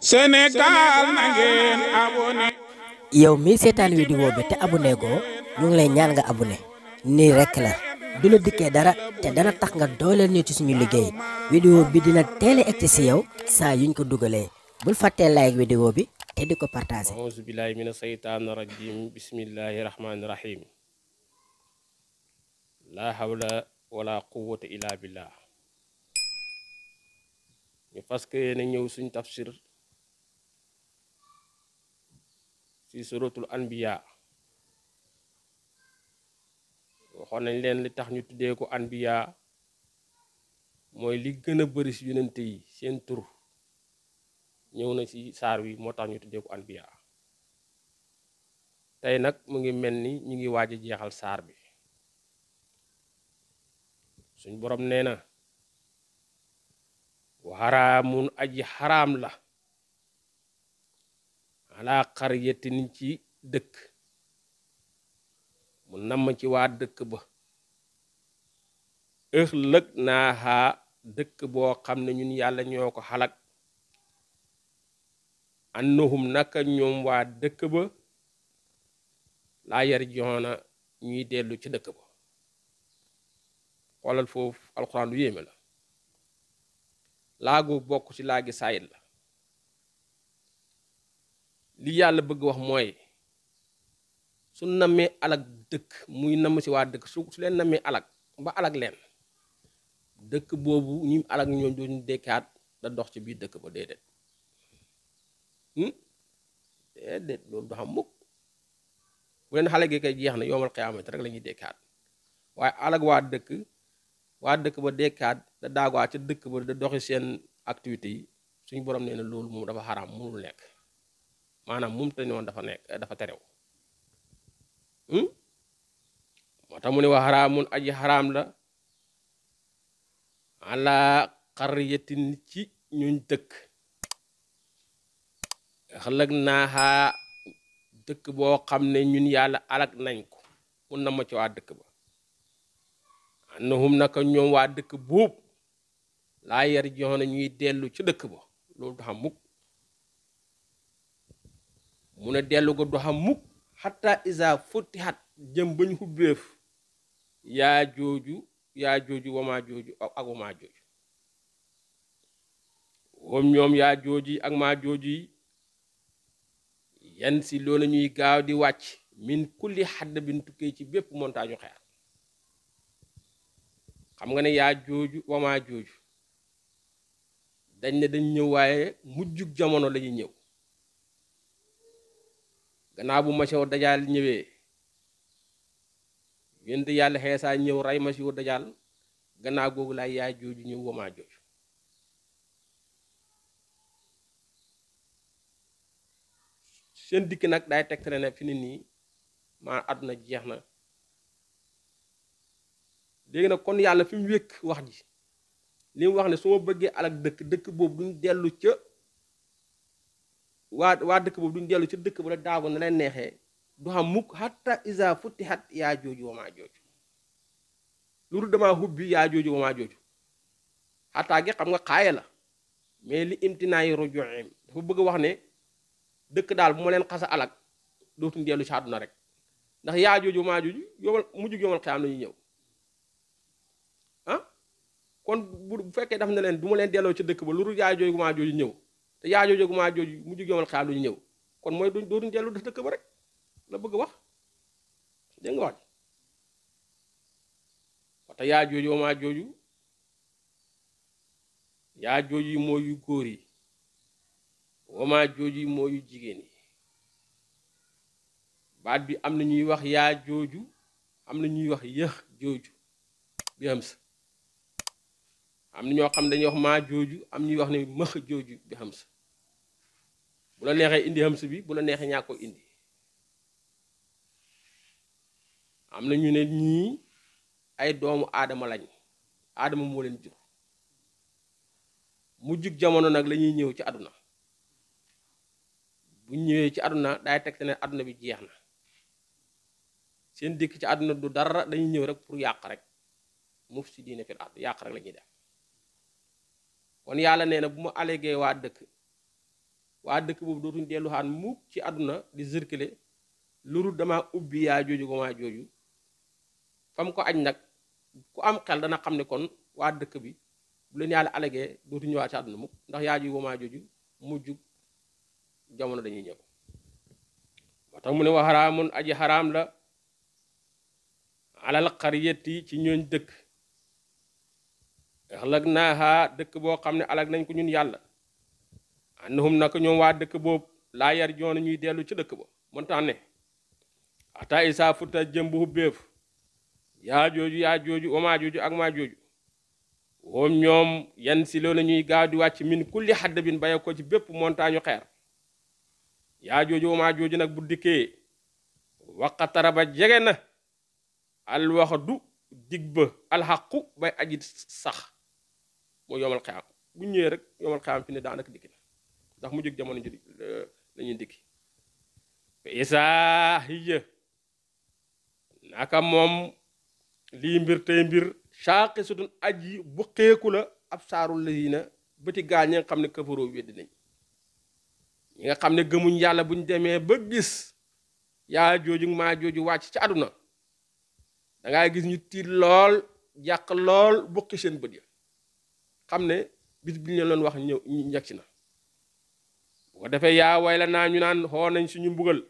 Sénégal na ngeen abonné yow mii seetaan vidéo bi te abonné goo ñu ngi lay ñaan nga ne nii rekk la du la dikkee dara te dana tax nga dooleel ñu ci suñu liggéey vidéo bi dina teel a egg si yow saa yuñ ko dugalee bul fàttee like vidéo bi te di ko partagé aouzu billahi mina seytaani rajim bismillahi rahmaani rahim laa hawla wala quwwata illa billah ñu parce que yéena ñëw suñ tafsir ci suratul anbiya waxon nañ leen li tax ñu tuddé ko anbiya moy li gëna bëri si yonente yi seen tour ñew na ci sar wi moo tax ñu tuddé ko anbiya tay nak mu ngi melni ni ngi waji jéxal sar bi suñ borom wa haramun aji haram la alaa xaryatin ci dëkk mu namm ci waa dëkk ba ëxlëg naa dëkk boo xam ne ñun yàlla ñoo ko xalak annahum naka ñoom waa dëkk ba laa yar joona ñuy dellu ci dëkk ba xoolal foofu alxuraan lu yéeme la laagu bokk ci laagi saayit la li yàlla bëgg wax mooy su namee alag dëkk muy namm si waa dëkk su su leen namee alag ba alag leen dëkk boobu ñu alag ñoom dooñu dekkaat da dox ci biir dëkk ba déedéet hmm? déedéet loolu du xam mukk bu leen xale gi kay jeex na yoomal xiyaamati rek lañuy dekkaat waaye alag waa dëkk waa dëkk ba dekkaat da daagwaa ca dëkk ba da doxi seen activités yi suñu borom nee na loolu moom dafa xaraam mënul nekk maanaam mum te woon dafa nekk dafa terew hmm? moo tax mu ne wa xaraamun aji xaraam la ala xariyatin ci ñuñ dëkk xëlëg naaxaa dëkk boo xam ne ñun yàlla alag nañ ko mun na ma ci waa dëkk ba annahum naka ñoom waa dëkk buub laa yar joxoon ñuy dellu ci dëkk ba loolu du xam mu ne dellu ko doxam mukk xatta isa futti xat jëm bañ xubbeef yaa jooju yaa jooju wamaa jooju ak wamaa jooju wom ñoom yaa jooju yi ak maa jooju yi yan si loolu ñuy gaaw di wàcc min kulli xadd bi nu tukkee ci bépp montagne xeer xam nga ne yaa jooju wamaa jooju dañ ne dañ ñëw waaye mujjug jamono lañuy ñëw gannaaw bu masiixu dajaal ñëwee yonent yàlla saa ñëw rey masiixu dajaal gannaaw googu laay yaay jooju ñëw wamaa jooju seen dikk nag day tegtale ne fi nit nii maa àdduna jeex na léegi nag kon yàlla fi wékk wax ji li wax ne su ma bëggee alak dëkk dëkk boobu duñ dellu ca waa waa dëkk boobu duñ dellu ci dëkk ba la daago na leen neexee du xam mukk hatta isa futti hat yaa jooju wamaa jooju lu dul damaa hubbi yaa jooju wamaa jooju xam nga xaaye la mais li imtinaayi rujuim dafa bëgg wax ne dëkk daal bu ma leen xasa alak dootuñ dellu ci àdduna rek ndax yaa jooju maa jooju yomal mu yomal xiyaam la ñuy ñëw ah kon bu fekkee daf ne leen du ma leen delloo ci dëkk ba lu dul yaa jooju wamaa jooju ñëw te yaa jooju ak maa jooju mujj yomal xaal lu ñu ñëw kon mooy duñ dootuñ dellu def dëkk ba rek la bëgg wax dégg wax te yaa jooju maa jooju yaa jooju yu góor yi wamaa jooju mooy yu jigéen yi baat bi am na ñuy wax yaa jooju am na ñuy wax yëx jooju bi xam am na ñoo xam dañuy wax maa jooju am ñuy wax ne mëx jooju bi xam sa bu la neexee indi hams bi bu la neexee ñaa ko indi am na ñu ne ñii ay doomu aadama lañ aadama moo leen jur mu jug jamono nag la ñuy ñëw ci àdduna bu ñëwee ci àdduna day teg te ne àdduna bi jeex na seen dikk ci àdduna du dara dañuy ñëw rek pour yàq rek mufsidiina fil ard yàq rek lañuy ñuy def kon yàlla nee na bu ma alégee waa dëkk waa dëkk boobu dootuñ delluxaan mukk ci àdduna di zirkale loolu damaa ubbi yaa jooju ko maa jooju fam ko aj nag ku am xel dana xam ne kon waa dëkk bi bu leen yàlla alagee dootu ñëwaat ci àdduna mukk ndax yaa jooju ko maa jooju mujj jamono dañuy ñëw moo mu ne wa aji xaraam la alal xariyat yi ci ñooñ dëkk xalag naaxaa dëkk boo xam ne alag nañ ko ñun yàlla annahum naka ñoom waa dëkk boobu laa yar joona ñuy dellu ci dëkk ba montaane ata isaa futa jëm bu yaajooju yaa jooju ak maa ñoom yan si loolu ñuy wàcc min kulli xadd ci bépp montagne xeer yaa jooju nag bu dikkee waqa taraba jege na alwaxdu dig ba alxaqu bay aji sax moo yomal xeexam bu ñëwee rek yomal xeexam fi ne daanaka dikk na ndax mu jóg jamono ji euh, la ñuy dikki isaahiya naka moom lii mbir tey mbir saaqi sutun aji bu xeeku la ab saaru saarul lazina bëti gaa ñi nga xam ne kafaroo weddi ñi nga xam ne gëmuñ yàlla buñ demee ba gis yaa jooju maa jooju wàcc ci àdduna dangay gis ñu tiit lool jàq lool buqi seen bët ya xam ne bis bi ñu leen wax ñëw ñàkk si na bu ko defee yaa way naa ñu naan xoo nañ suñu mbugal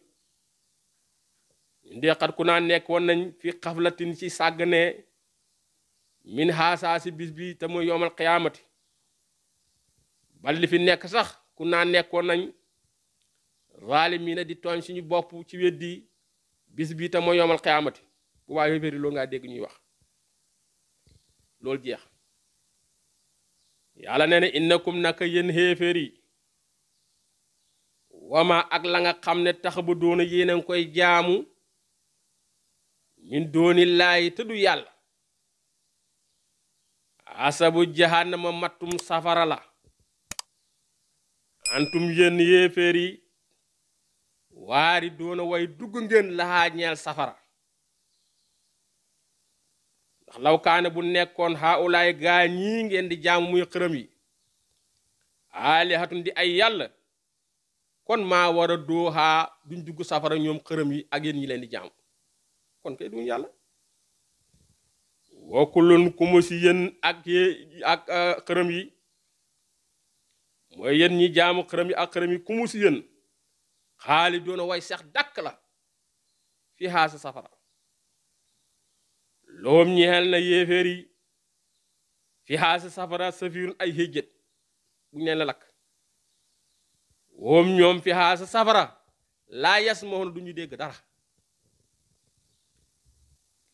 ñu deexat ku naa nekk woon nañ fi xaflatin ci sàggane min xaasaa si bis bi te mooy yomal xiyaamati bal fi nekk sax ku naa nekkoon nañ zaalimiina di tooñ suñu bopp ci weddi bis bi te mooy yomal xiyaamati bu baa yooyu loolu ngaa dégg ñuy wax loolu jeex yàlla nee na innakum naka yéen xéeféer yi wama ak la xam ne tax bu doona yéen a ngi koy jaamu min dooni laay te du yàlla asabu jahannama mattum safara la antum yéen yéeféer yi waari doona way dugg ngeen laxaa ñeel safara ndax law kaane bu nekkoon xaawulaay gaa ñii ngeen di jaamu muy xërëm yi aalihatun di ay yàlla kon maa war a dooxaa duñ dugg safara ñoom xërëm yi ak yéen ñi leen di jaam kon kay duñ yàlla wa kullun si yéen ak ak euh, xërëm yi mooy yéen ñi jaamu xërëm yi ak xërëm yi ku mu si yéen xaali doona way sax dàkk la fi xaasa safara loom ñeel na yéeféer yi fi xaasa safara safirun ay xéjjét buñ leen la lakk woom ñoom fi xaasa safara laa yas moo na du ñu dégg dara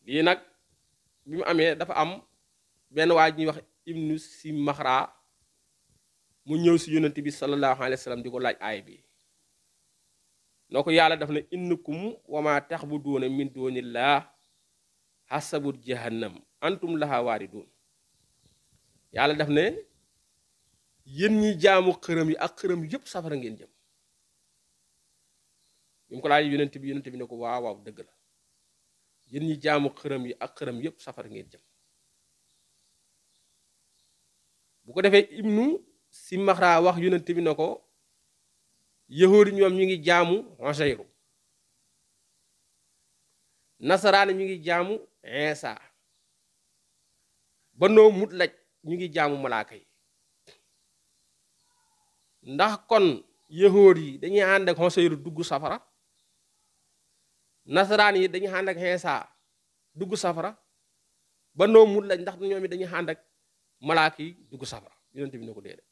lii nag bi mu amee dafa am benn waa ji ñuy wax ibnu si maxra mu ñëw si yonent bi sallallahu alayhi wa sallam di ko laaj aay bi noo ko yàlla daf ne innakum wa ma taxbuduuna min duunillah xasabut jahannam antum laha waaridun yàlla daf ne yéen ñi jaamu xërëm yi ak xërëm yépp safara ngeen jëm ñu ko laaj yonent bi yonent bi ko waaw waaw dëgg la yéen ñi jaamu xërëm yi ak xërëm yépp safara ngeen jëm bu ko defee ibnu simaxraa wax yonent bi ne ko yahuudi ñoom ñu ngi jaamu nasaraan nasaraani ñu ngi jaamu Iisaa ba noo mut laj ñu ngi jaamu malaaka ndax kon yahóor yi dañuy ànd ak xoseyru dugg safara nasaraan yi dañuy ànd ak xeesa dugg safara ba noo mut lañ ndax ñoom it dañuy ànd ak malaak yi dugg safara yonent bi ne ko déedé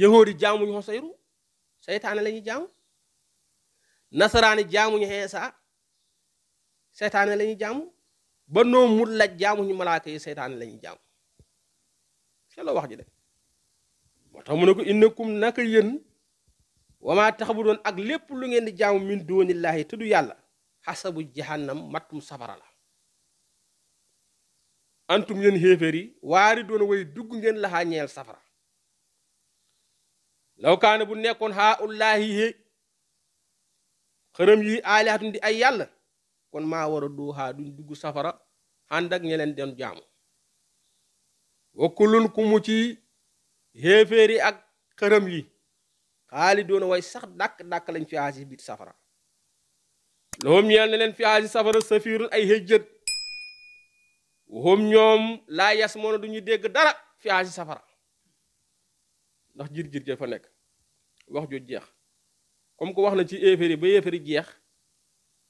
yahóor yi jaamuñu xoseyru seytaane lañuy ñuy jaamu nasaraan yi jaamuñu xeesa seytaane lañuy ñuy jaamu ba noo mut laj ñu malaaka yi seytaane lañuy ñuy jaamu c'est wax ji de moo tax mu ne ko innakum naka wa ma tax bu doon ak lépp lu ngeen di jaamu min doonillaahi te du yàlla xasabu jahannam mattum safara la antum yéen xéeféer yi waari doon way dugg ngeen laxaa ñeel safara law kaane bu nekkoon xaa ullaahi xërëm yi aalihatun di ay yàlla kon maa war a duuxaa duñ dugg safara ànd ak ñeleen doon jaamu wa kullun ku ci xéeféer yi ak xërëm yi xaali doona way sax dàkk-dàkk lañ fi aasi biir safara loxum ñeel ne leen fi aasi safara safiirun ay xëjjët waxum ñoom laa yas moona duñu dégg dara fi aasi safara ndax jiir jir ja fa nekk wax ju jeex comme que wax na ci éeféer yi ba éeféer jeex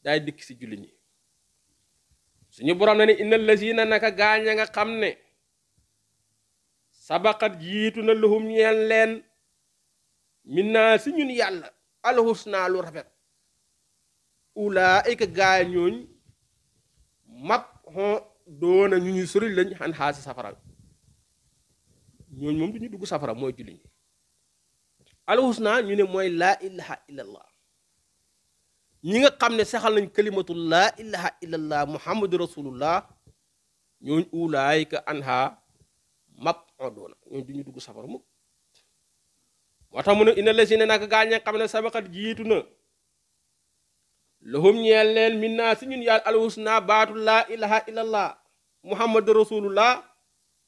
daay dikk si julli ñi suñu borom ne ni innal lazina naka gaañ nga xam ne sabaqat jiitu na lahum ñeel leen min naa si ñun yàlla alxusnaa lu rafet ulaaika gaay ñooñ mab xon doona ñu ñu sori lañ xan safara ñooñ moom du ñu dugg safara mooy julli ñi alxusnaa ñu ne mooy laa ilaha illallah ñi nga xam ne saxal nañ kalimatu laa ilaha illallah muhammadu rasulullah ñooñ ulaaika anha mab xoddoona ñooñu du ñu dugg safara mukk moo tax mu ne ina lesi ne nag gaañ xam ne sabaxat jiitu na lahum ñeel leen min naa si ñun yàlla alhusna baatu laa ilaha illallah muhammadu rasulullah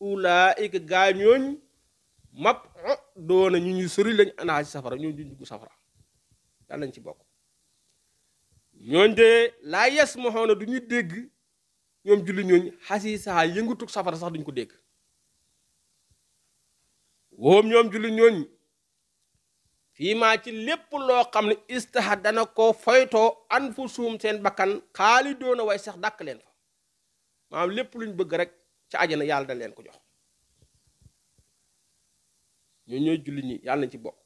ulaika gaañooñ map o doona ñu ñu sori lañ anaa ci safara ñooñ duñ dugg safara ci bokk ñooñ de laa yes moxoona du ñu dégg ñoom julli ñooñ xasi saa yëngutuk safara sax duñ ko dégg woom ñoom jullit ñooñu fii maa ci lépp loo xam ne istaha dana ko foytoo an fu suum seen bakkan xaali doona way sax dàkk leen fa maanaam lépp luñ bëgg rek ca na yàlla da leen ko jox ñooñu ñooy jullit ñi yàlla nañ ci bokk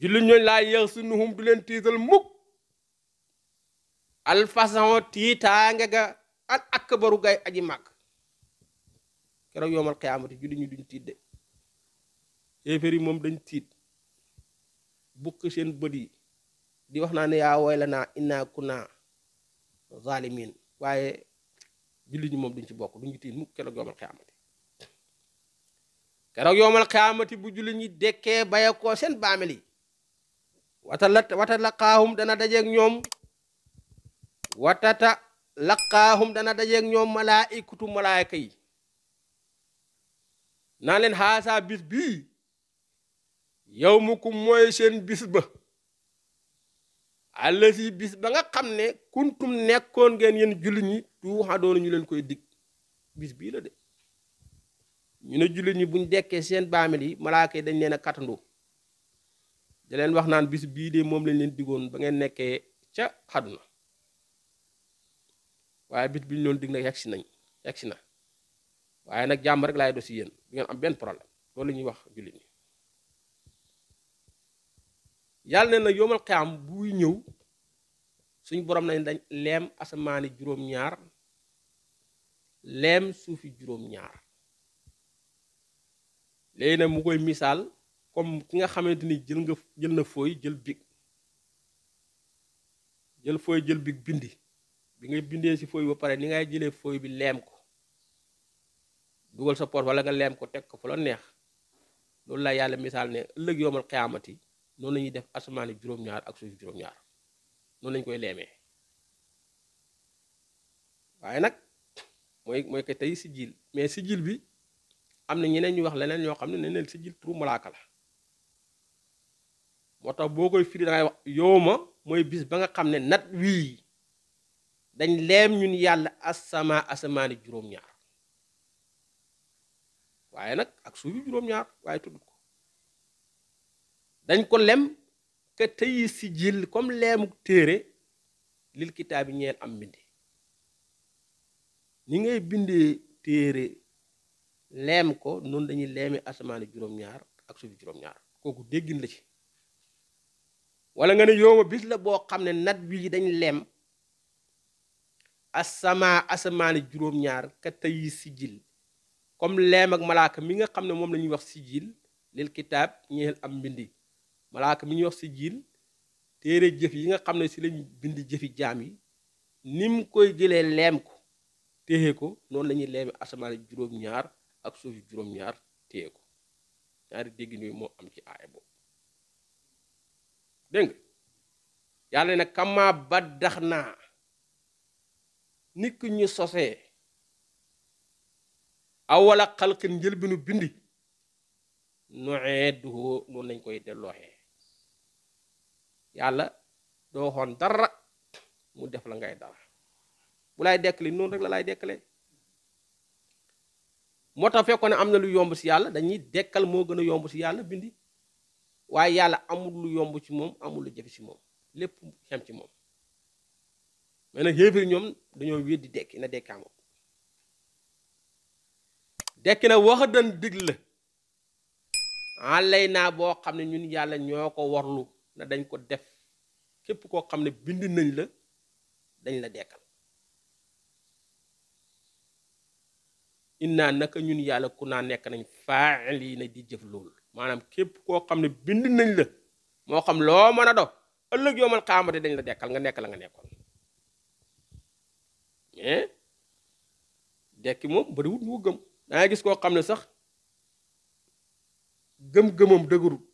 jullit ñooñu laa yéex si nuhum du leen tiital mukk alfaçon tiitaange ga al akbaru gay aji màgg keroog yoomal xiyaamati julli ñu tiit de yéeféer yi moom dañ tiit bukk seen bët yi di wax naa ne yaa woy la naa innaa kunna zalimin waaye julli ñi moom duñ ci bokk duñu tiit mukk keroog yoomal xiyaamati keroog yoomal xiyaamati bu julli ñi dekkee bayakoo seen baamel yi wata la wata laqaahum dana dajeeg ñoom watata laqaahum dana dajeeg ñoom malaayikatu malaayika yi naa leen xaasaa bis bii yow mu ku mooy seen bis ba àllasi bis ba nga xam ne kuntum nekkoon ngeen yéen jullit ñi tuuxa doonu ñu leen koy digg bis bii la de ñu ne jullit ñi buñ dekkee seen baamel yi malaaka dañ leen a kattandoo da wax naan bis bii de moom lañ leen diggoon ba ngeen nekkee ca xaduna waaye bis bi ñu doon dig nag yegsi nañ yegsi na waaye nag jàmm rek laay do si yéen du ngeen am benn problème loolu la ñuy wax jullit ñi yàlla ne na yoomal xiyaam buy ñëw suñu borom nañ dañ leem asamaani juróom-ñaar leem suufi juróom-ñaar léegi nag mu koy missaal comme ki nga xamante ni jël nga jël na fooy jël big jël fooy jël big bindi bi nga bindee si fooy ba pare ni ngay jëlee fooy bi leem ko dugal sa poos wala nga leem ko teg ko fu la neex loolu la yàlla misaal ne ëllëg yoomal xiyaamati noonu la ñuy def asamaan yi juróom-ñaar ak suuf juróom-ñaar noonu lañu koy leemee waaye nag mooy mooy que tey sijil mais sijil bi am na ñeneen ñuy wax leneen ñoo xam ne ne neen sijil turu malaaka la moo tax boo koy firi da wax yow mooy bis ba nga xam ne nat wii dañ leem ñun yàlla asama asamaani juróom-ñaar waaye nag ak suuf yi juróom-ñaar waaye tudd ko dañ ko lem ka tëyi si jil comme leemuk téere lil kitaabi ñeel am mbindi ni ngay bindee téere leem ko noon dañuy leeme asamaani juróom-ñaar ak suufi juróom-ñaar kooku déggin la ci wala nga ne yooma bis la boo xam ne nat bii dañ leem asama asamaani juróom-ñaar ka tëyi si jil comme leem ak malaaka mi nga xam ne moom la ñuy wax sijil lil kitaab ñeel am mbindi malaaka mi ñuy wax sijil téere jëf yi nga xam ne si lañ bind jëfi jaam yi nim koy jëlee leem ko téye ko noonu lañuy ñuy leeme asamaan juróom-ñaar ak suuf juróom-ñaar téye ko ñaari dégg yooyu moo am ci aaya boobu dégg nga yàlla ne kamaa ba dax naa nit ku ñu sosee awala xalqin njëlbinu bindi nueeduhoo noonu lañ koy dellooxee yàlla doo xoon dara mu def la ngay dara bu lay dekkali noonu rek la lay dekkale moo tax fekkoon ne am na lu yomb si yàlla dañuy dekkal moo gën a yomb si yàlla bindi waaye yàlla amul lu yomb ci moom amul lu jafe si moom lépp xem ci moom mais na yéefir ñoom dañoo wéet di dekki na dekkaamo dekki na waxa dan dig la alay naa boo xam ne ñun yàlla ñoo ko warlu na dañ ko def képp koo xam ne bind nañ la dañ la dekkal innaa naka ñun yàlla ku naa nekk nañ faal yi na di jëf lool maanaam képp koo xam ne bind nañ la moo xam loo mën a do ëllëg yoomal xaamate dañ la dekkal nga nekk la nga nekkoon mais eh? dekki moom bariwut mu gëm dangay gis koo xam ne sax gëm-gëmam dëgërut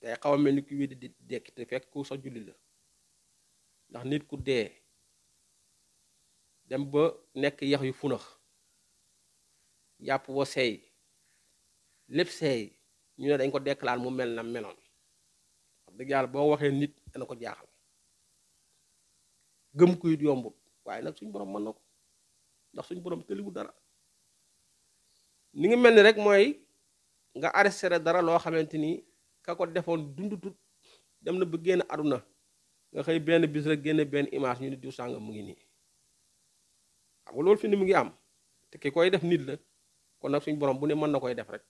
day xaw a mel ni ku wéddi di fekk ku sax julli la ndax nit ku dee dem ba nekk yax yu funax yàpp wa seey lépp seey ñu ne dañ ko dekkalaat mu mel na meloon wax dëgg boo waxee nit dana ko jaaxal gëm ko it yombut waaye nag suñ borom mën na ko ndax suñu borom tëliwul dara ni ngi mel ni rek mooy nga arrêté dara loo xamante ni ka ko defoon dundutut dem na ba génn aduna nga xëy benn bis rek génne benn image ñu ne diw sàngam mu ngi nii xam nga loolu fi ni mu ngi am te ki koy def nit la kon nag suñu borom bu ne mën na koy def rek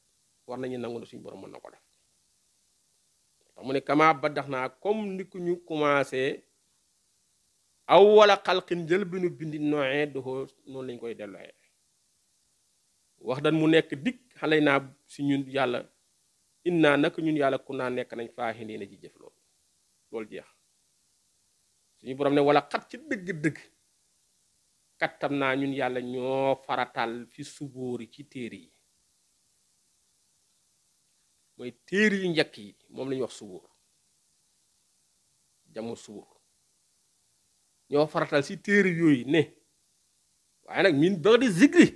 war nañu nangu ne suñu borom mën na ko def mu ne kamaa ba naa comme ni ku ñu commencé. awwala xalqin njël bi nu bind nooee doxoo noonu lañ koy dellooyee wax dan mu nekk dikk xalay naa si ñun yàlla naa nak ñun yàlla ku naa nekk nañ faaxi nii na ji jëf loolu loolu jeex suñu borom ne wala xat ci dëgg-dëgg kattam naa ñun yàlla ñoo faratal fi subóori ci téere yi mooy téere yu njëkk yi moom la wax subóor jamu subóor ñoo faratal si téere yooyu ne waaye nag min ba di zikri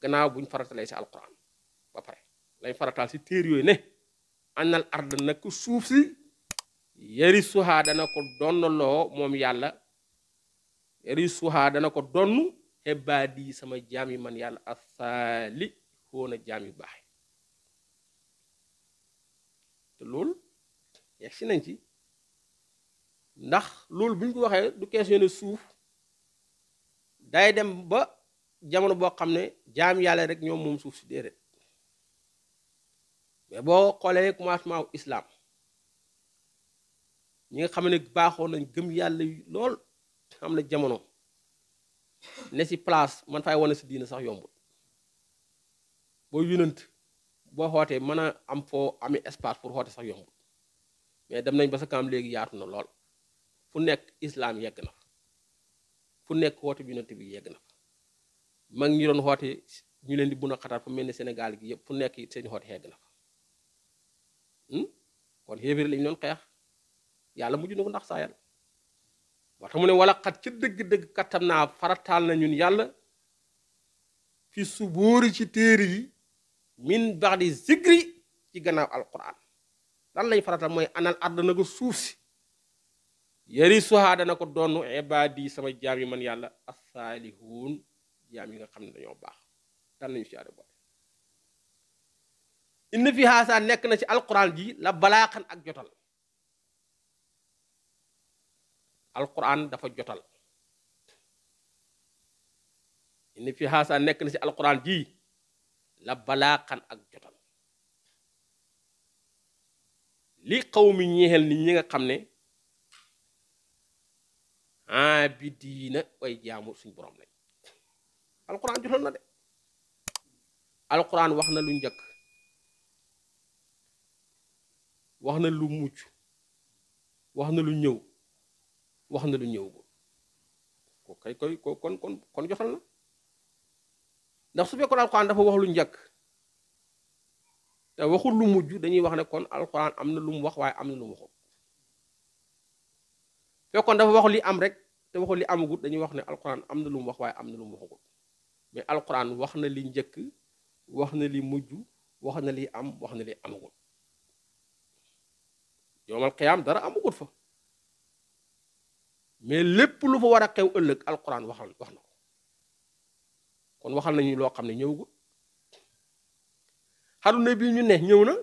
gannaaw buñ faratalee si alquran ba pare lañ faratal si téere yooyu ne annal arda nag suuf si yari suhaa dana ko donnaloo moom yàlla yari suhaa dana ko donn xebaadi sama jaam yi man yàlla asaali xoona jaam yu baax te ci ndax loolu bu ñu ko waxee du questionné suuf day dem ba jamono boo xam ne jaam yàlla rek ñoom moom suuf si déedéet mais boo xoolee commencement wu islam ñi nga xam ne baaxoo nañ gëm yàlla lool xam ne jamono ne si place man fay wane si diina sax yombul boo yunant boo xootee mën a am foo amee espace pour xoote sax yombul mais dem nañ ba sa kaam léegi yaatu na lool fu nekk islaam yegg na fu nekk woote bi yonent bi yegg na mag ñi doon xoote ñu leen di bun a xataat fu mel ni Sénégal gi yëpp fu nekk seen xoote yegg na hmm? kon xéebéer lañu doon xeex yàlla mujj na ndax saa yàlla moo mu ne wala xat ci dëgg-dëgg kattan naa farataal na ñun yàlla fi su bóori ci téere yi min bax di zikri ci gannaaw alquran lan lañ faratal mooy anal àdduna ko suuf si yarisuhaa dana ko doonu ibaadi sama jaam yi man yàlla assaalihuun jaam yi nga xam ne dañoo baax tan nañu si fi haasa nekk na ci alquraan ji la balaaxan ak jotal alquran dafa jotal inna nekk na ci alquran ji la ak jotal li xaw mi ñeexel nit ñi nga xam ne abidiina way jaamu suñ borom lañ alquran jotoon na de alquran wax na lu njëkk wax na lu mucc wax na lu ñëw wax na lu ñëw ko kay koy kon kon kon jotal na ndax su fekkoon alquran dafa wax lu njëkk te waxul lu mujj dañuy wax ne kon alquran am na lu mu wax waaye am na lu mu fekkoon dafa wax li am rek te waxul li amagut dañuy wax ne alquran am na lu mu wax waaye am na lu mu waxagut mais alquran wax na li njëkk wax na li mujj wax na li am wax na li amagut yowmal qiyaam dara amagut fa mais lépp lu fa war a xew ëllëg alquran waxal wax na ko kon waxal nañu loo xam ne ñëwagut xaruna bii ñu ne ñëw na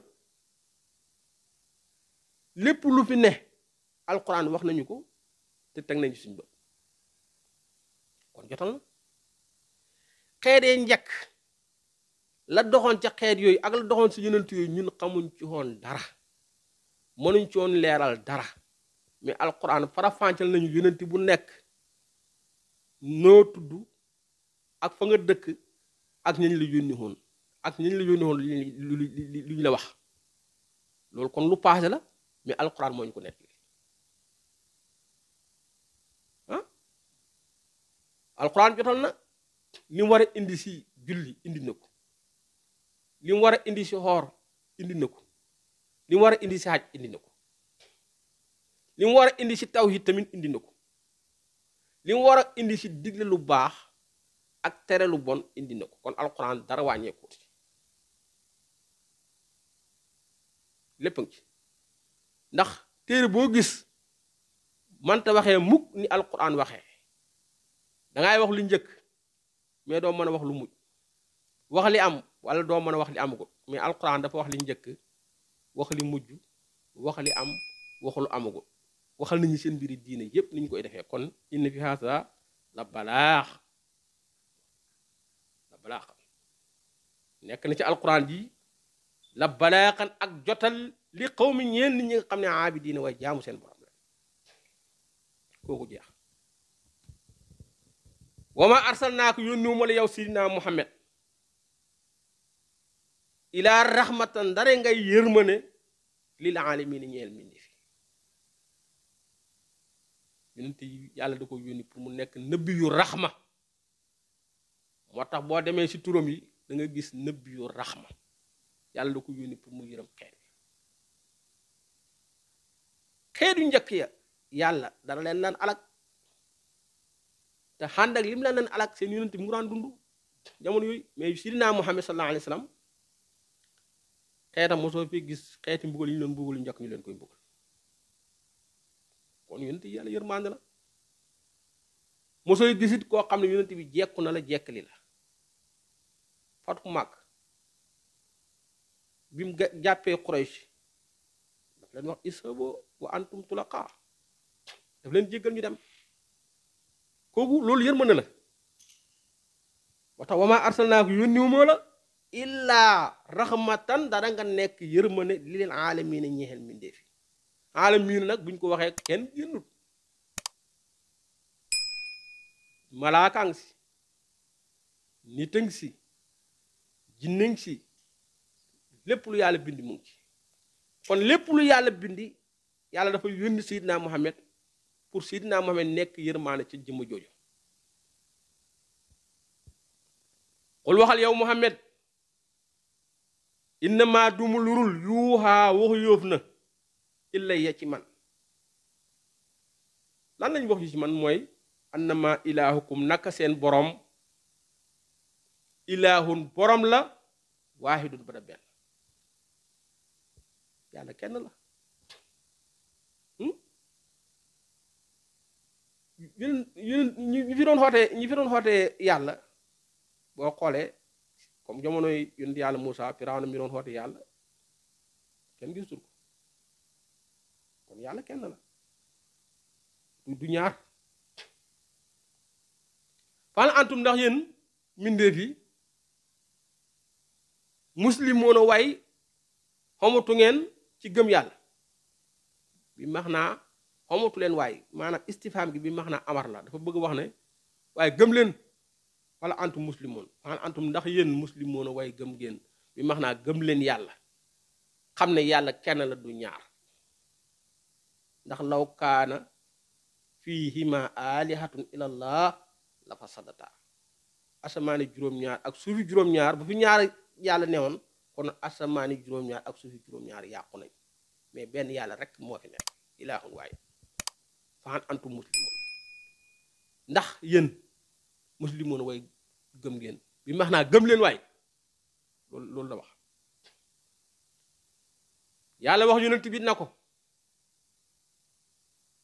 lépp lu fi ne alquran wax nañu ko te teg nañu suñ bët kon jotal na xeetee njëkk la doxoon ca xeet yooyu ak la doxoon si yonent yooyu ñun xamuñ ci woon dara mënuñ ci woon leeral dara mais alquran farafàncal nañu yonent bu nekk noo tudd ak fa nga dëkk ak ñañ la yónni woon ak ñañ la yónni woon lu ñu la wax loolu kon lu paase la mais alquran moo ñu ko nekk alxuraan jotal na li mu war a indi si julli indi na ko li mu war a indi si xoor indi na ko li mu war a indi si xaj indi na ko li mu war a indi si tawhid tamit indi na ko li mu war a indi si digle lu baax ak tere lu bon indi na ko kon alxuraan dara wàññeeku lépp a ngi ci ndax téere boo gis mënta waxee mukk ni alxuraan waxee dangay wax lu njëkk mais doo mën a wax lu mujj wax li am wala doo mën a wax li am ko mais alquran dafa wax li njëkk wax li mujj wax li am wax lu amu ko waxal nañu seen mbiri diine yépp ni ñu koy defee kon inna fi haasa la balaax la balaax nekk na ci alquran ji la balaaxan ak jotal li xaw mi ñeen nit ñi nga xam ne aabi diine waaye jaamu seen borom la jeex wa ma arsalnaaka yónniwuma la yow sidina muhammad ilaa rahmatan ndare ngay yërmane lil aalamin ñeel mi ni fi yonente da ko yónni pour mu nekk nëbbi yu raxma moo tax boo demee ci turam yi danga gis nëbbi yu raxma yàlla da ko yónni pour mu yërëm xeet bi xeet njëkk ya yàlla dana leen naan alak te xànd ak lim la leen alak seen yonent bi mu daan dund jamono yooyu mais sidina Muhammad sallallahu alayhi wa sallam xeetam mosoo fi gis xeeti mbugal yi ñu doon mbugal yu njëkk ñu leen koy mbugal kon yonent yi yàlla la mosooy gisit koo xam ne yonent bi jekku na la jekkali la fatu màgg bi mu jàppee Quraysh daf leen wax isabo wa antum tulaqa daf leen jéggal ñu dem kooku loolu yërmande la ba tax wamaa arsalnaaka yónniwuma la illaa rahmatan dara nga nekk yërmande li leen aalamiina ñeexel mbindeefi aalamiina nag buñ ko waxee kenn génnut malaaka ngi si nit a ngi si jinne ngi si lépp lu yàlla bind mu kon lépp lu yàlla bindi yàlla dafa yónni sayidna Muhammad pour Seydina Muhammad nekk yërmaane ci jëmm jooju xul waxal yow Muhammad innama dumu lurul yuuxaa waxu yóof na illay ya ci man lan lañ wax yu ci man mooy annama ilaahukum naka seen boroom ilaahun boroom la waahidun ba da benn yàlla kenn la ñu fi doon xootee ñu fi yàlla boo xoolee comme jamonoy yonent yàlla Moussa Firawna na doon xootee yàlla kenn gisul kon yàlla kenn la du ñaar fan antum ndax yéen mbindeef yi muslimoon a way xamatu ngeen ci gëm yàlla bi max naa amatu leen waay maanaam istifhaam gi bi max naa amar la dafa bëgg wax ne waaye gëm leen wala antum muslimoon maanaam antum ndax yéen muslimoon a waaye gëm ngeen bi max naa gëm leen yàlla xam ne yàlla kenn la du ñaar ndax law kaana fiihima alihatun ilallah la fasadata asamaani juróom-ñaar ak suufi juróom-ñaar bu fi ñaar yàlla newoon kon asamaani juróom-ñaar ak suufi juróom-ñaar yàqu nañ mais benn yàlla rek moo fi nekk ilaahun waaye fa hal antum muslimun ndax yéen muslimoon way gëm ngeen bi ma wax naa gëm leen waay loolu loolu la wax yàlla wax yonent bi na ko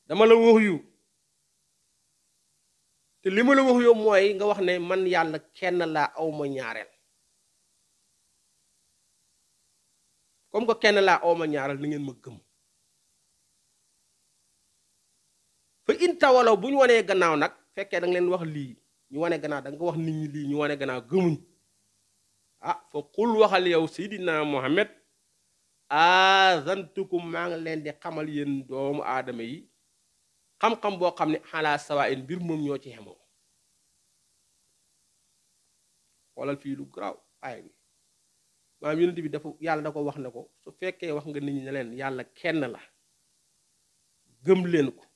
dama la wax yu te li ma la wax yow mooy nga wax ne man yàlla kenn laa awma ñaareel comme que kenn laa awma ñaareel ni ngeen ma gëm fa in tawalaw bu ñu wanee gannaaw nag fekkee da leen wax lii ñu wane gannaaw danga nga wax nit ñi lii ñu wane gannaaw gëmuñ ah fa xul waxal yow Seydina Muhammad azantukum maa ngi leen di xamal yéen doomu aadama yi xam-xam boo xam ne xalaa sawaayin mbir moom ñoo ci xemoo xoolal fii lu garaaw aay bi maanaam yonent bi dafa yàlla da ko wax ne ko su fekkee wax nga nit ñi ne leen yàlla kenn la gëm leen ko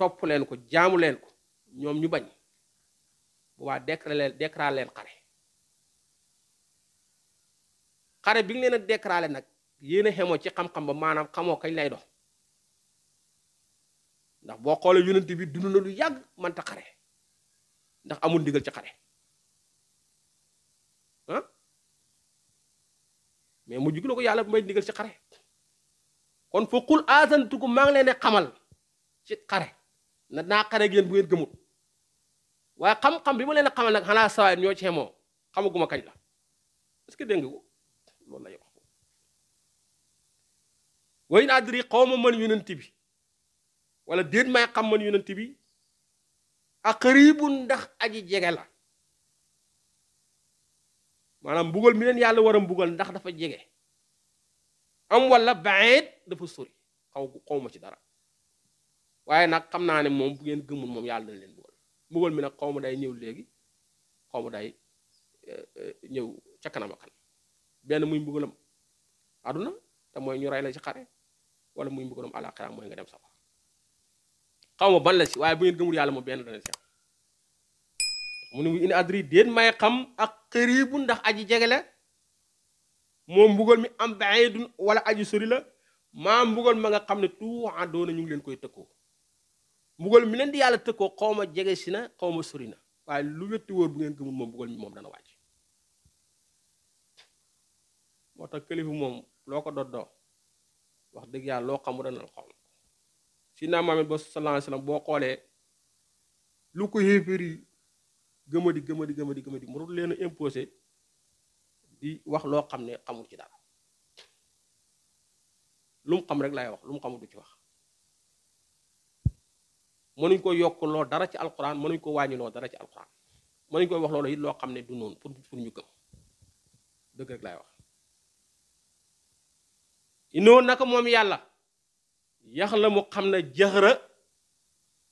topp ko jaamu leen ko ñoom ñu bañ boobaa déclaré leen déclaré leen xare xare bi nga leen a déclaré nag yéen a xemoo ci xam-xam ba maanaam xamoo kañ lay dox ndax boo xoolee yonent bi dund na lu yàgg mënta xare ndax amul ndigal ci xare ah mais mu gi la ko yàlla may ndigal ci xare kon fa qul aasantukum maa ngi leen xamal ci xare na naa xareeg yéen bu ngeen gëmut waaye xam-xam bi ma leen xamal nag xanaa sawaay ñoo cee moo xamaguma kañ la est-ce que dégg nga ko loolu lay wax way in adri xaw ma mën yonent bi wala déet may xam mën yonent bi aqribun ndax aji jege la maanaam mbugal mi leen yàlla war a mbugal ndax dafa jege am wala baet dafa sori xaw xaw ma ci dara waaye nag xam naa ne moom bu ngeen gëmul moom yàlla dana leen mbugal mbugal mi nag xaw ma day ñëw léegi xaw day eh, eh, ñëw ca kanam ak aduna te mooy ñu rey la ci xare wala muy mbugalam àllaaxira mooy nga dem safara xaw ma ban la ci waaye bu ngeen gëmul yàlla moom benn dana ci am mu ne mu adri déet may xam ak xëribu ndax aji jege la moom mbugal mi am du wala aji sori la maa mbugal ma nga xam ne tuuxa doona ñu ngi leen koy tëkkoo mbugal mi leen di yàlla tëkkoo xaw ma jege si na xaw ma sori na waaye lu wetti wóor bu ngeen gëmul moom mbugal mi moom dana wàcc moo tax kilifa moom loo ko doddoo wax dëgg yàlla loo xamu dana xaw si naa maamit ba sallallahu alayhi boo xoolee lu ko yéeféer yi gëmadi gëmadi gëmadi gëmadi mu dul leen imposé di wax loo xam ne xamul ci dara lu mu rek laay wax lu mu xamul du ci wax nañ ko yokk loo dara ci alquran mënuñ ko wàññi dara ci alquran mënuñ koy wax loolu it loo xam ne du noonu pour pour ñu gëm dëgg rek laay wax inoo naka moom yàlla yax la mu xam ne jaxra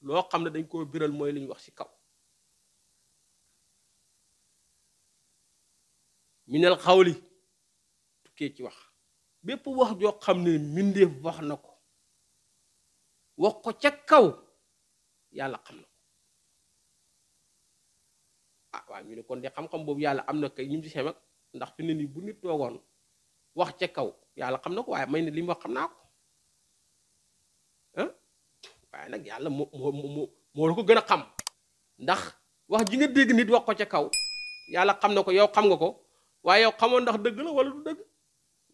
loo xam ne dañ koo biral mooy li wax ci kaw minel xawli tukkee ci wax bépp wax joo xam ne mbindeef wax na ko wax ko ca kaw yàlla xam na ko ah waaw ñu ne kon de xam-xam boobu yàlla am na kay ñu ci xem ak ndax fi ne nii bu nit toogoon wax ca kaw yàlla xam na ko waaye may ne li mu xam naa nag yàlla moo moo moo la ko gën a xam ndax wax ji nga dégg nit wax ko ca kaw yàlla xam na ko yow xam nga ko waaye yow xamoon ndax dëgg la wala du dëgg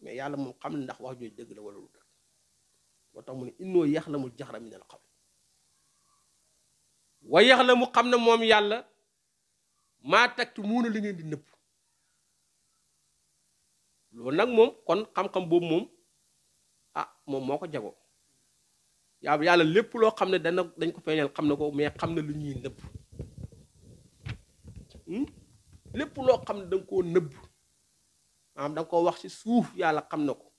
mais yàlla moom xam ne ndax wax jooju dëgg la wala du dëgg moo tax mu ne innoo yaxlamul jaxra minal qawl wa yax la mu xam ne moom yàlla maa takk muuna li ngeen di nëpp loolu nag moom kon xam-xam boobu moom a ah, moom moo ko jagoo yaa yàlla lépp loo xam ne dana dañ ko feeñal xam na ko mais xam na lu ñuy nëbb hmm? lépp loo xam ne danga ko nëbb maanaam danga koo wax si suuf yàlla xam na ko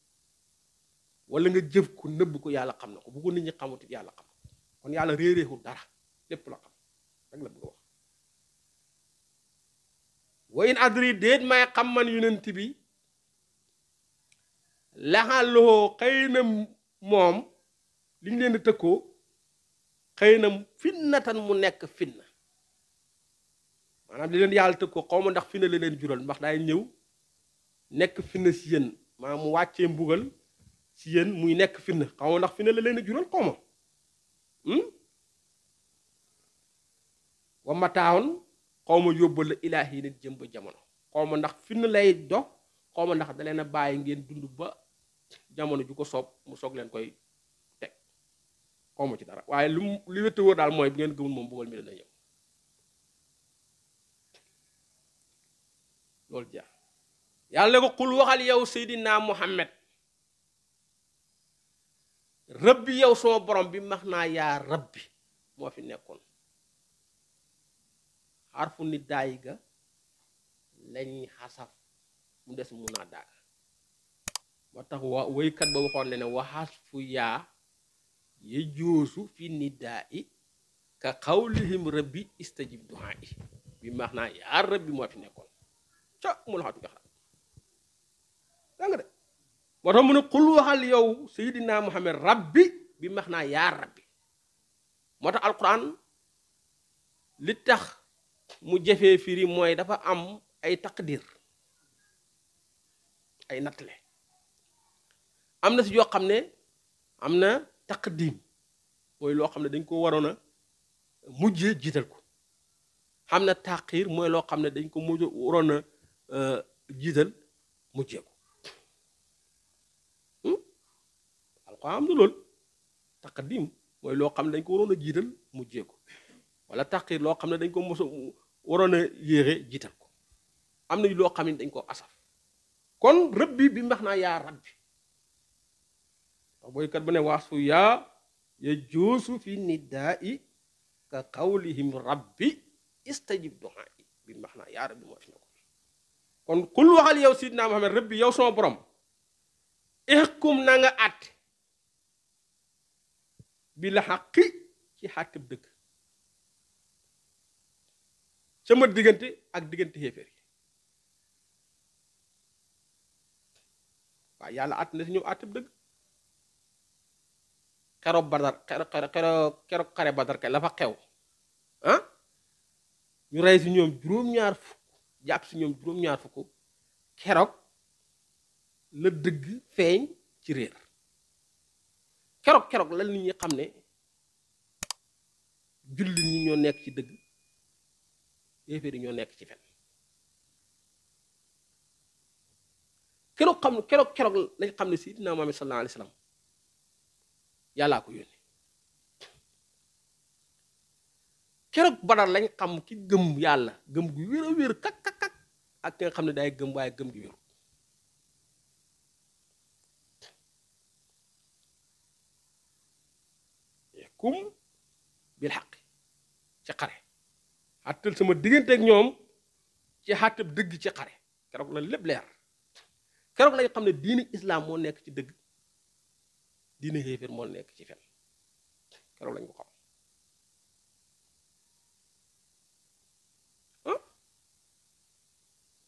wala nga jëf ko nëbb ko yàlla xam na ko bu ko nit ñi xamut yàlla xam kon yàlla ko dara lépp la xam rek la bëgg wax wa in adri déet may xam man yonent bi laxaloo xëy na moom li ñu leen di tëkkoo xëy na finnatan mu nekk finna maanaam li leen yàlla tëkkoo xaw ma ndax finna la leen jural ndax daay ñëw nekk finna si yéen maanaam mu wàccee mbugal si yéen muy nekk finna xaw ma ndax finna la leen jural xaw ma wa mataawoon xawma yobul yóbbal la ilaahi leen jëm ba jamono xawma ndax fin lay dox xawma ndax dalena leen ngeen dund ba jamono juko sop mu sok len koy tek xawma ci dara waye lu li wete wo dal moy ngeen gëmul mom bëggal mi la ñëw lol ja yalla ko qul waxal yow sayidina Muhammad rabbi yow so borom bi maxna ya rabbi mo fi nekkon Arfun nit daay ga lañ xasaf mu des munada moo tax wa kat ba waxon leena wa hasfu ya joosu fi ka qawlihim rabbi istajib du'ai bi maax ya rabbi mo fi nekkoon cha mu lahatu ga xalaat dang de moo tax mu ne qul sayidina muhammad rabbi bi ya rabbi moo alquran li tax mu jafee firi mooy dafa am ay taqdir ay nattale am na si yoo xam ne am na taqdim mooy loo xam ne dañ ko waroon a mujjee jiital ko xam na taqiir mooy loo xam ne dañ ko mujj waroon a euh, jiital mujjee ko hmm? alxuraan am na loolu taqdim mooy loo xam ne dañ ko waroon a jiital mujjee ko wala taqiir loo xam ne dañ ko mos waroon a yéexe jiital ko am na loo xam ne dañ ko asaf kon rëbb bi bi mu wax naa yaa rabbi boykat bu ne waasu yaa ya joosu fi nidaa'i ka qawlihim rabbi istajib du'aa'i bi mu wax naa yaa rabbi moo fi ne ko kon kul waxal yow sidna Muhammad rabbi yow sama borom ihkum na nga àtte bi la xaqi ci xàtteb dëgg sama diggante ak diggante xéeféer yi waaw yàlla àtt na si ñoom àttab dëgg keroog badar keroog keroog xare la fa xew ah? ñu rey si ñoom fukk jàpp si ñoom juróom keroog la dëgg feeñ ci réer keroog keroog la nit ñi xam ne jullit ñi ñoo nekk ci dëgg yéeféer ñoo nekk ci fen kéro xam kéro kéro lañ xam ne sidina Muhammad sallallahu alayhi Wasallam. yalla ko yoni kéro Badar lañ xam ki gëm yalla gëm gu wér a kak kak kak ak ki nga xam ne day gëm waaye gëm gi wéru kum bil xaq ci xare àttal sama digganteeg ñoom ci xàttab dëgg ci xare keroog la lépp leer keroog lañ xam ne diini islaam moo nekk ci dëgg diini xéeféer moo nekk ci fen keroog lañ ko xam ah?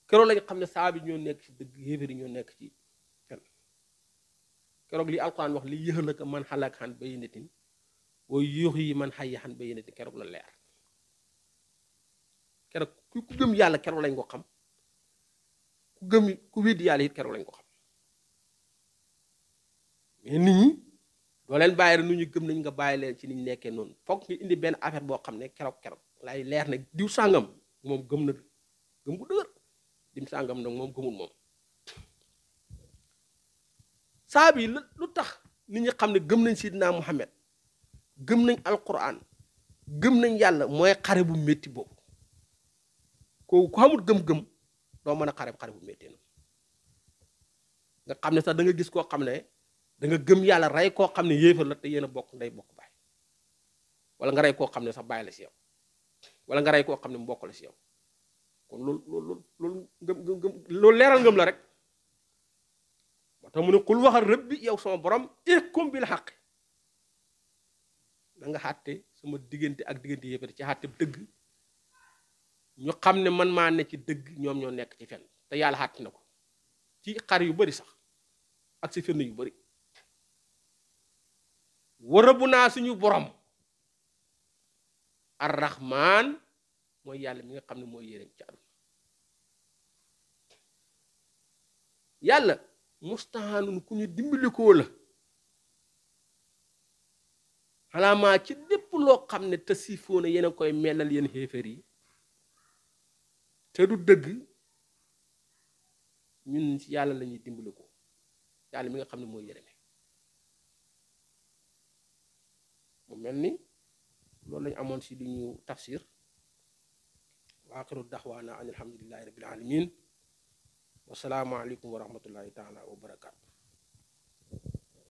keroog lañ xam ne saa ñoo nekk ci dëgg xéeféer yi ñoo nekk ci fen keroog li alquran wax li yëxalaka man xalaak xan bayinatin wa yuux yi man xay xan bayinatin keroog la leer keroog ku gëm yàlla keroog lañ ko xam ku gëm ku wéddi yàlla it keroog lañ ko xam mais nit ñi doo leen bàyyi rek nu ñu gëm nañ nga bàyyi leen ci ni nekkee noonu foog nga indi benn affaire boo xam ne keroog keroog lay leer ne diw sàngam moom gëm na gëm gu dëgër dim sàngam nag moom gëmul moom saa lu tax nit ñi xam ne gëm nañ Seydina Muhammad gëm nañ alquran gëm nañ yàlla mooy xare bu métti boobu kooku ko xamul gëm-gëm doo mën a xareb xare bu méttee na nga xam ne sax danga gis koo xam ne danga gëm yàlla rey koo xam ne yéefar la te yéen a bokk ndey bokk baay wala nga rey koo xam ne sax bàyyi la si yow wala nga rey koo xam ne mbokk la si yow kon loolu loolu loolu leeral ngëm la rek moo tax a ne xul waxal rëbbi yow sama borom ikum bil xaq da nga xàtte sama diggante ak diggante yéefar ci xàtte dëgg ñu xam ne man maa ne ci dëgg ñoom ñoo nekk ci fen te yàlla xàtti na ko ci xar yu bari sax ak si firnde yu bari warabu naa suñu borom arrahman mooy yàlla mi nga xam ne mooy yéreem ci yàlla mustahanun ku ñu dimbalikoo la xalaamaa ci lépp loo xam ne te siifoona yéen a koy melal yéen xéeféer yi te du dëgg ñun ci yàlla la ñuy dimbali ko yàlla mi nga xam ne mooy yërëme mu mel ni loolu lañu amoon si duñu tafsir wa axiru daxwaana an alhamdulillahi rabbil alamin wasalaamualeykum wa rahmatullahi taala wa barakaatu